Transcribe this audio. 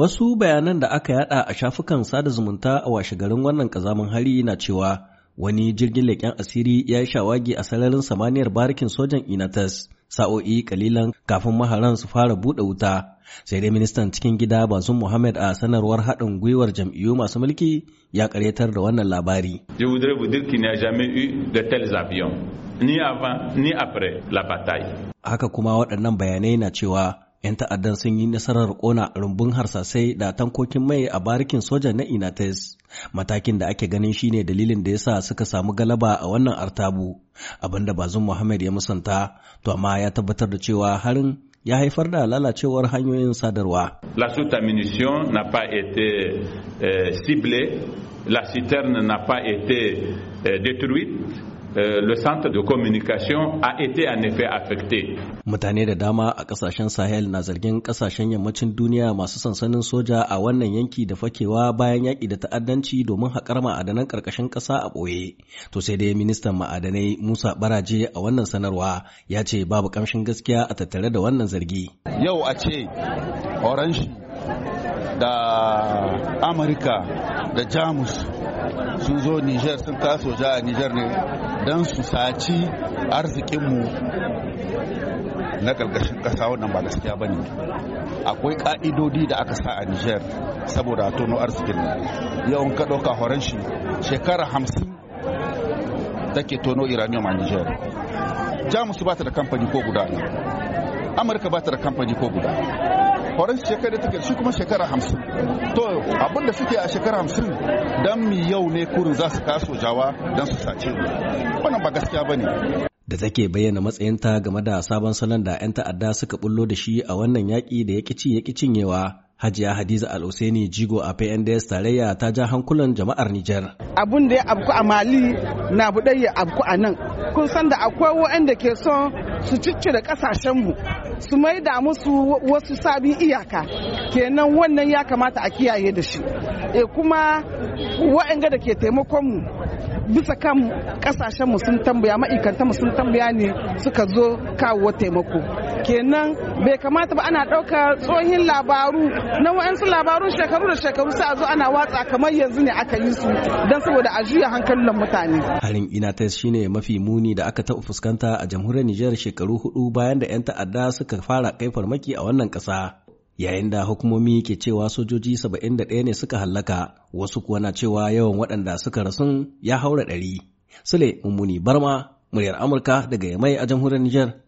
Wasu bayanan da aka yada a shafukan sada zumunta a washegarin wannan kazamin hari na cewa wani jirgin leƙen asiri ya yi shawagi a sararin samaniyar barikin sojan Inatas sa'o'i kalilan kafin maharan su fara buɗe wuta. Sai dai ministan cikin gida Bazum Muhammad a sanarwar haɗin gwiwar jam'iyyu masu mulki ya karyatar da wannan labari. ni avant, ni après Haka kuma waɗannan bayanai na cewa 'yan ta'addan sun yi nasarar kona rumbun harsasai da tankokin mai a barikin soja na inates matakin da ake ganin shine dalilin da yasa suka samu galaba a wannan artabu abinda bazum muhammad ya musanta to amma ya tabbatar da cewa harin ya haifar da lalacewar hanyoyin sadarwa la suta munition n'a pas été euh, ciblée la citerne n'a pas été euh, détruite Euh, le centre de communication a été en effet affecté. Mutane da dama a kasashen Sahel na zargin kasashen yammacin duniya masu sansanin soja a wannan yanki da fakewa bayan yaƙi da ta'addanci domin haƙar ma'adanan ƙarƙashin ƙasa a ɓoye. To sai dai ministan ma'adanai Musa Baraje a wannan sanarwa ya ce babu ƙamshin gaskiya a tattare da wannan zargi. Yau a ce Orange da Amurka da jamus sun zo niger sun taso ja a niger ne don su saci arzikinmu na ƙarƙashin ƙasa wannan ba gaskiya ba ne akwai ƙa'idodi da aka sa a niger saboda a tono arzikin yawan ka ɗauka horon shi shekara hamsin ke tono iranium a niger jamus ba ta da kamfani ko guda amurka ba ta da kamfani ko guda faransa shekara take shi kuma shekara hamsin to abin da suke a shekara hamsin dan mi yau ne kurin za su kaso jawa dan su sace wannan ba gaskiya ba ne. da take bayyana matsayinta game da sabon salon da 'yan ta'adda suka bullo da shi a wannan yaƙi da ya ci ya cinyewa Hajiya Hadiza Al-Usaini Jigo a PNDS tarayya ta ja hankulan jama'ar Nijar. Abun da ya abku a Mali na budai ya abku a nan. Kun san da akwai waɗanda ke son su cicci da ƙasashenmu su mai da musu wasu sabin iyaka kenan wannan ya kamata a kiyaye da shi e kuma wa'anga da ke taimakon mu bisa kan kasashen mu sun tambaya ma'aikatan mu sun tambaya ne suka zo kawo taimako kenan bai kamata ba ana ɗaukar tsohin labaru na wa'ansu labaru shekaru da shekaru sai a zo ana watsa kamar yanzu ne aka yi su don saboda a juya hankalin mutane. Harin ta shine mafi muni da aka taɓa fuskanta a jamhuriyar Nijar shekaru hudu bayan da 'yan ta'adda suka fara kai farmaki a wannan ƙasa. Yayin da hukumomi ke cewa sojoji 71 ne suka hallaka, wasu kuwa na cewa yawan waɗanda suka rasun ya haura ɗari. Sule Mummuni Barma, muryar Amurka daga Yamai a jamhuriyar Nijar.